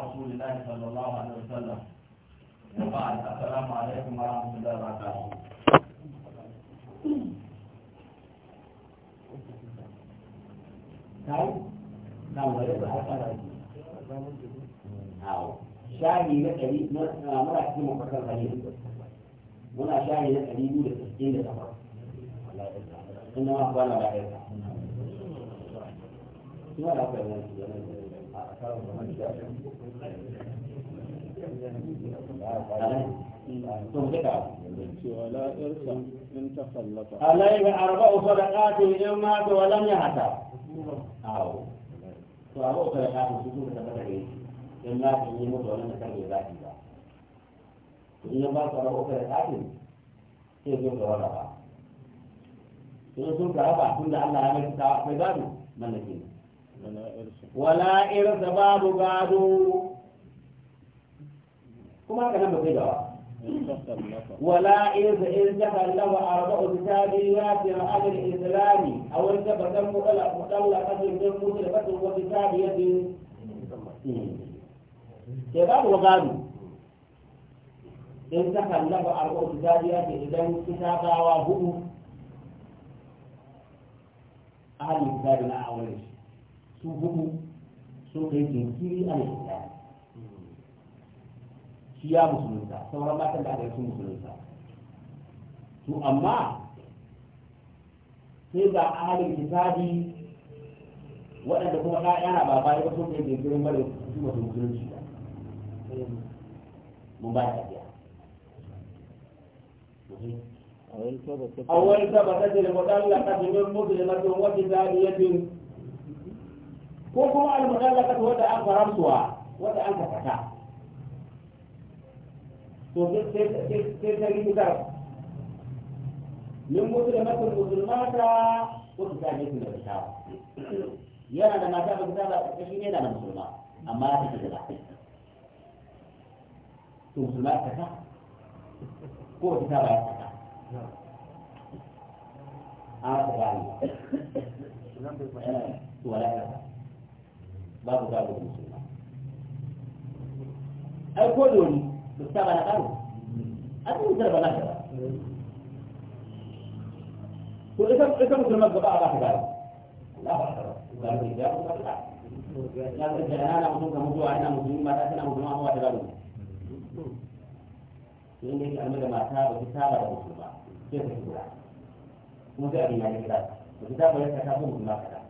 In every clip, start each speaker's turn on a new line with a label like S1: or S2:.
S1: رسول الله صلى الله عليه وسلم وبعد السلام عليكم ورحمة الله وبركاته نعم نعم غير هذا نعم شاهي لك ما ما راح تكون مفكر قليل ولا شاهي لك لي يقول التسجيل الأمر إنما أقوال لا يرفع ولا أقوال لا يرفع ولا إرث إن تخلف عليه أربع صدقات إن مات ولم يحتى أو فأربع صدقات سجود تبرعي إن مات إن يموت ولم يتبرع ذاته إن مات أربع صدقات كيف يمكن ولا إن سنت أربع كل أن لا يملك من ملكين wala irsa babu gado kuma haka nan ba kai gawa ولا إذ إذ دخل له أربع كتابيات عن الإسلام أو التبت مطلقة بالمسلمة وكتابية كتاب وقالوا إذ دخل له أربع كتابيات إذا كتابا وهو أهل الكتاب الأول su hudu sun kai jinkiri a yadda shi ya musulunta sauran matan da aka yi sun musulunta to amma sai ga ahalin kitabi waɗanda kuma ɗaya ba bayan ba sun kai jinkirin mara su masu musulunci ba mun ba ta biya أول سبب تجري مطلقة من مظلمة وكتابية ko kuma al-mutallaqatu wadda an haramtuwa wadda an ka saka to sai sai sai ta yi ta min musulmatul musulmata ko ta ne da ta yana da mata ba ta ba shi ne da musulma amma ta ce da to musulma ta ta ko ta ba ta ta a ta ba ni eh, to wala ta babu babu da musulma ai ko da wani musta ba na karo a cikin musulma ba ta ba ko ita ita musulma gaba a ba ta gaba Allah ba ta ba ta ba ta ba ya ga da ana mutum ga mutuwa ina musulmi mata tana musulma amma ta gaba to inda yake amma da mata ba ta saba da musulma sai ta kula kuma sai abin ya kira ba ta saba da ta saba musulma kada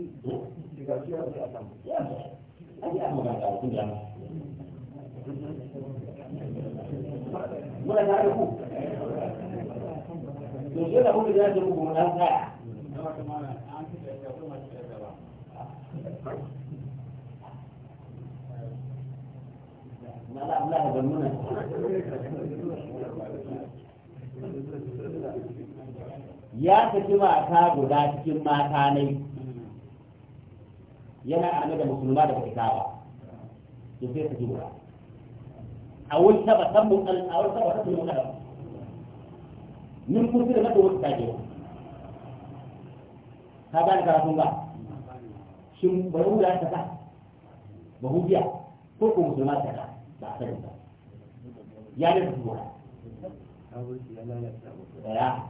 S1: muna tare da ku to sai da kuma da ku kuma dan kaya na la Allah da muna ya tafi mata guda cikin mata ne yana arme da musulma da kitaba kawa to sai su jura a wani saba samun a wani saba mun da min kurfi da mata wata tajewa ka ni karatun ba shin bari da ta ka ba biya ko ko musulma ta ka ba ta sani ba ya ne su jura ya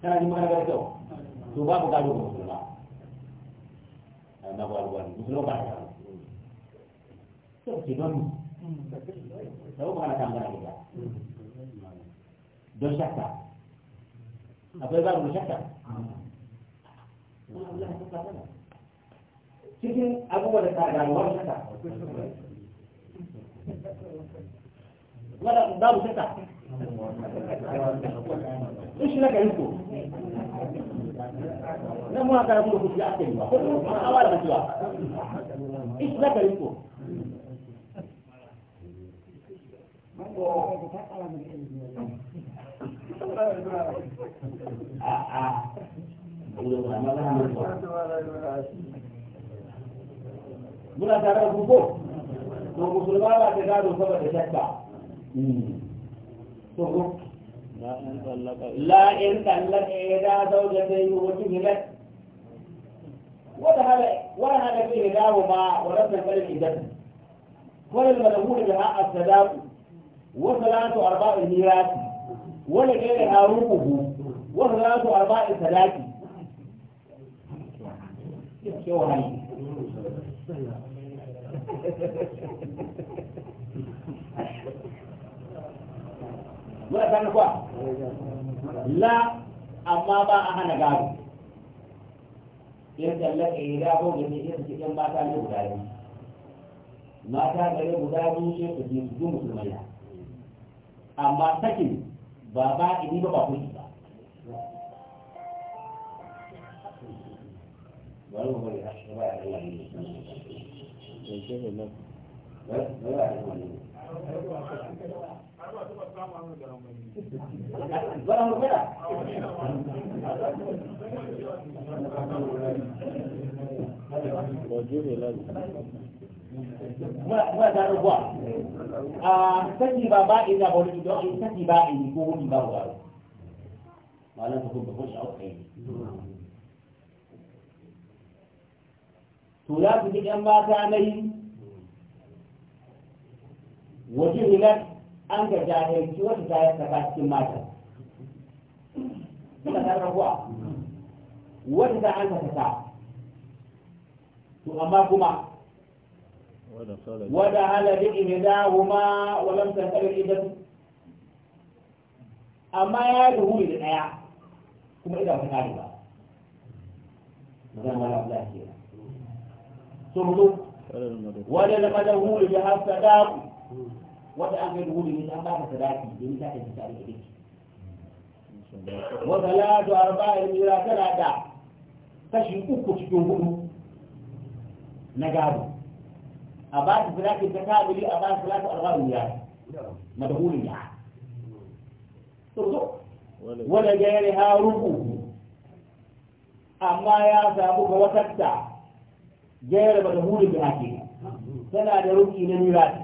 S1: kana ji magana da kyau to babu gado na ba ta gado sai don mu tambara shakka akwai shakka cikin abubuwa da ta gano babu shakka babu shakka na ka yi ko nan muna tare da kuɗi aka yi ba ko kuma awa da kuwa ishi eh, za ka yi ko muna tare da ko to musulma ba ta gado saboda shakka to hmm. la in tallaka ila wata hada wani hada ke ma hali kwa? La, amma ba a hana gari. in tallaka ya dawo da ne ita cikin mata ne guda biyu mata gare guda biyu sai su ji musulmai amma sakin ba ba ba ba muna ta rubuwa a saki ba ba wani saki ko wani ba to ya fi yan mata na yi وجه لك أنت جاهل شو تجاهل تكاد تماتا كما ترى هو وجد أنت تكاد ثم أماكما ودع على ذئن داهما ولم تسأل الإبن أما يده للآية ثم إذا فتاليبا مثلا ولا بلاه كيرا ثم ودع لقده لجهاز تكاد Wata an kai dubu ne an ba ka sadaki domin ta tafi tare da dake wa salatu arba'in mira tana da kashi uku cikin hudu na gado a ba ta sadaki ta kabili a ba ta salatu arba'in na madhulun ya turzo wala gairi ha rubu amma ya samu ga watatta gairi madhulun ya ke tana da ruki na mirati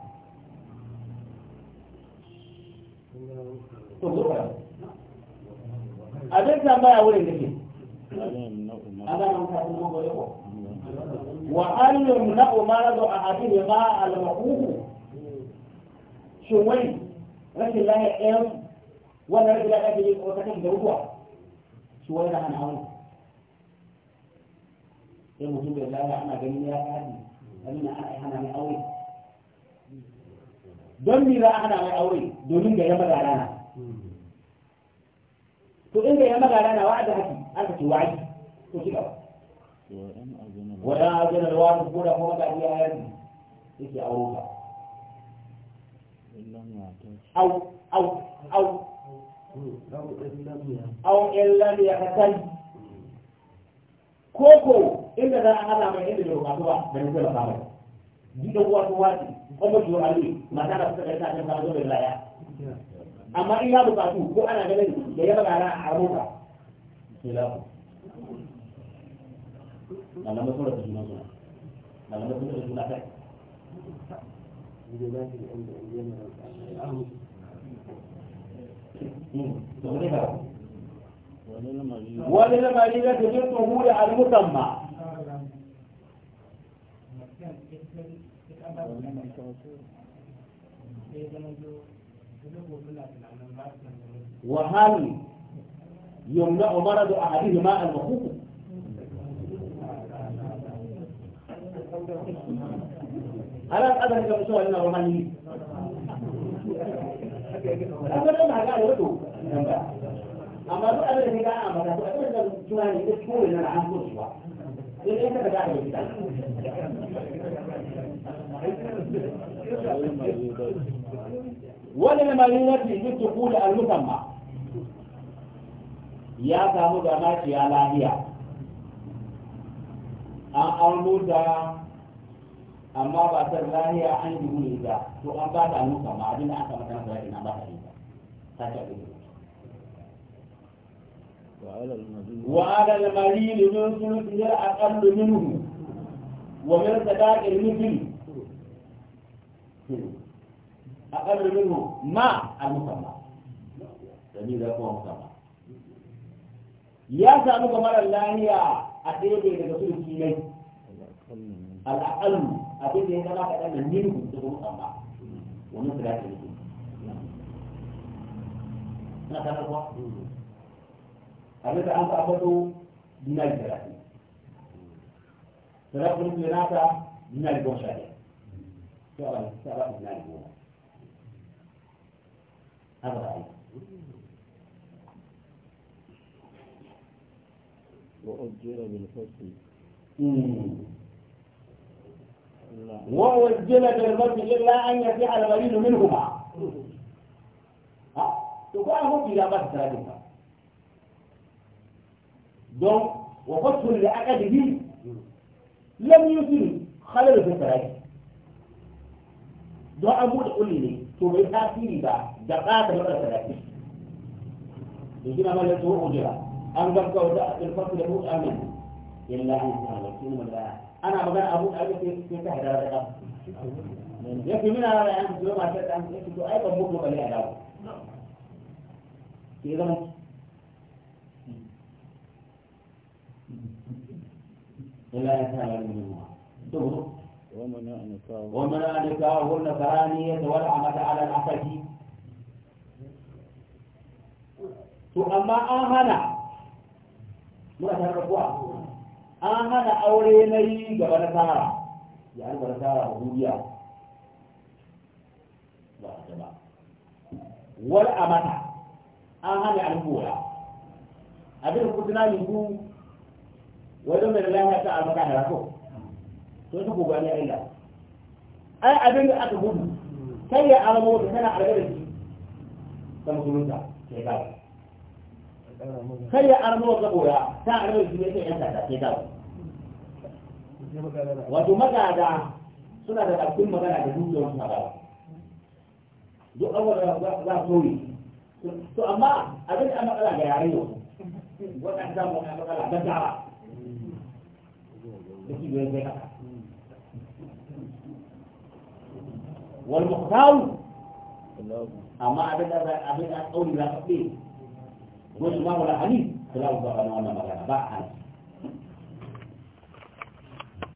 S1: to gurba abin tambaya wurin da ke ana nan ka kuma gobe ko wa alim na umaradu a hadin ma al-maquhu shin wai rashin lahiya ɗayan wannan rashin lahiya ke yi ko ta kan da ruwa shi wai na hana wani sai mutum da lahiya ana ganin ya kaɗi wani na ana hana mai aure don me za a hana mai aure domin ga yamma gara na to in ga yamma gara na wa'ada haki aka ce wa'i to shi gaba wadan ajiyar da wani ko da kuma yanzu ya ke yake auro ka au au au au in ya kasani koko inda za a hana mai inda da ba da ne. gidan wasu wasu kuma jura ne mata na ta ka ta ta samu la ya amma in ya bukatu ko ana ganin da ya bagara a roka khilafu malamai sun rasa juna suna malamai sun rasa juna kai wani lamari da ta jirgin hudu al-musamman وهل يمنع مرض أحدهما المخوف على قدر كم سؤال لنا روماني أبدا ما قال ودو أما دو أبدا ما قال أما دو أبدا ما قال أبدا ما قال أبدا ما قال أبدا ما قال Wani wannan marinati littuqul almutan ba ya samu da maciya lahiya an auno da amma ba ta lahiya an yi gune da to an ba ta annuka ma abin da aka mata na zai na ba ta ita ta ta gudu wa ala al-marin min minhu wa a kama ne min don ma a musamman yasa mun kama da lahaniya a cikin fere daga filin filen al'adu a bɛ fere ka baza ka tana minin musu ko musamman wa ne kira cikin kun na san ka a bɛ ta an ka an ka so minan alifinna a tun tiyana ta minan alifinna a tun tiyana هذا رأيي وأجر بالحسن وأجر بالرجل إلا أن يفعل الغريب منهما تقول إلى بس ذلك دونك وفتح لعقده لم يجد خلل في الفراغ دون أبو تقول لي to bai tasiri ba da ɓata masa sadaki to shi na mallar tsohon ujira an gaggauta a tsirfasu da mutu amin illa an kama shi ne magana ana magana abu da aka sai ta hadara da kan ya fi mina rana yan kusurwa masu yadda an kusurwa to ai ban mutu ba ne a dawo ke zama illa an kama shi ne magana ومنع نكاحه النصرانية والعمة على العفج to amma an hana muna tare kuwa an hana aure na yi gaba na tara ya an tara a duniya ba a jama amata an hana sun su gobe na illa ai abin da aka gudu Kai ya aramo da tana arga da shi ta musulunta sai dawo Kai ya aramo da gora ta arga da shi ne sai yan ta sai dawo wato magada suna da ɗaukun magana da dukiyar su ba duk abubuwan za su yi to amma abin da an matsala da yare yau waɗanda ta mu matsala gaggawa da shi biyar zai haka wal muqtaru amma abin da abin da tsauri za ka ɗe wasu ma wala hadith kula ba wannan magana ba a